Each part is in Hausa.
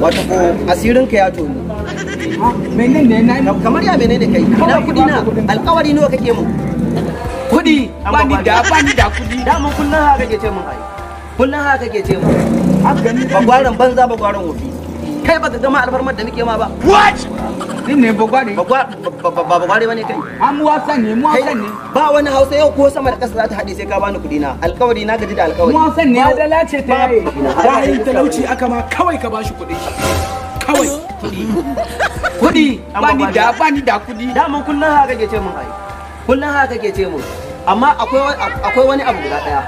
wato ko asirin ka ya tonu menene ne na kamar ya menene kai ina kudi na alkawari nawa kake mu kudi ba ni da ba ni da kudi da mun kullun haka kake ce mun ai kullun haka kake ce mun ba gwaran banza ba gwaran wofi kai ba gama alfarmar da nake ma ba what Ni ne bagware. Ba bagware bane kai. An mu wasa ne, mu wasa ne. Ba wani Hausa yau ko sama da ƙasa za ta haɗe sai ka bani kuɗi na. Alƙawari na gaji da alƙawari. Mu wasa ne. Adala ce ta yayi. Wahayi talauci aka ma kawai ka bashi kuɗi. Kawai. Kuɗi. Kuɗi. Bani da bani da kuɗi. Daman kullum haka ke ce mun ai. Kullum haka kake ce mun. amma akwai wani abu guda daya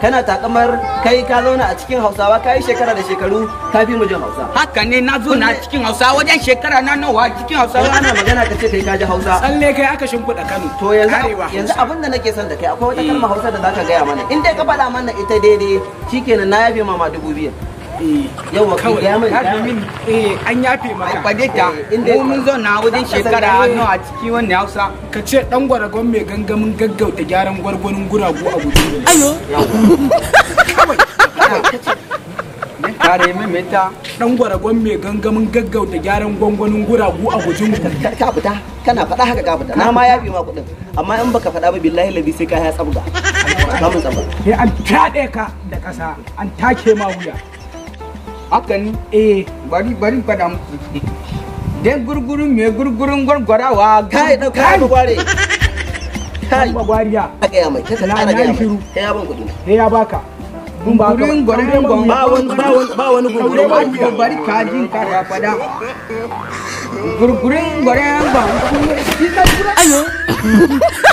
kana takamar kai ka zauna a cikin hausawa ka yi shekara da shekaru ka fi mujin hausa haka ne na zo na cikin hausa wajen shekara na nawa cikin hausa wajen ana magana ka ce kai ka ji hausa tsalle kai aka shimfiɗa kano to yanzu abin da nake son da kai akwai wata eh. kalma hausa da za ka gaya mana in dai ka faɗa mana ita daidai shikenan na yabe mama dubu biyar. Eh, yawa kawai ya fi min eh, an yafe maka kwade ta mu eh, mun zauna wajen shekara nawa a ciki wannan hausa ka ce dan gwaragon mai gangamin gaggauta gyaran gwargwanin guragu a guji ayo kawai kare min mita dan gwaragon mai gangamin gaggauta gyaran gwangwanin guragu a gujin ka fita kana faɗa haka ka fita na ma yafe ma kuɗin amma in baka faɗa ba billahi labi sai ka ya tsabga samun tsabga sai an taɗe ka da ƙasa an take ma wuya haka ne eh bari bari fada muku dan gurgurun me gora wa kai da kai gware kai ba aka ya kai mai sana ana ga shiru kai ya ban kudi kai ya baka ba gumburin gon gon ba won ba won ba won wani ba bari ka jin ka ya fada gurgurin gwargwarun gwargwarun ayo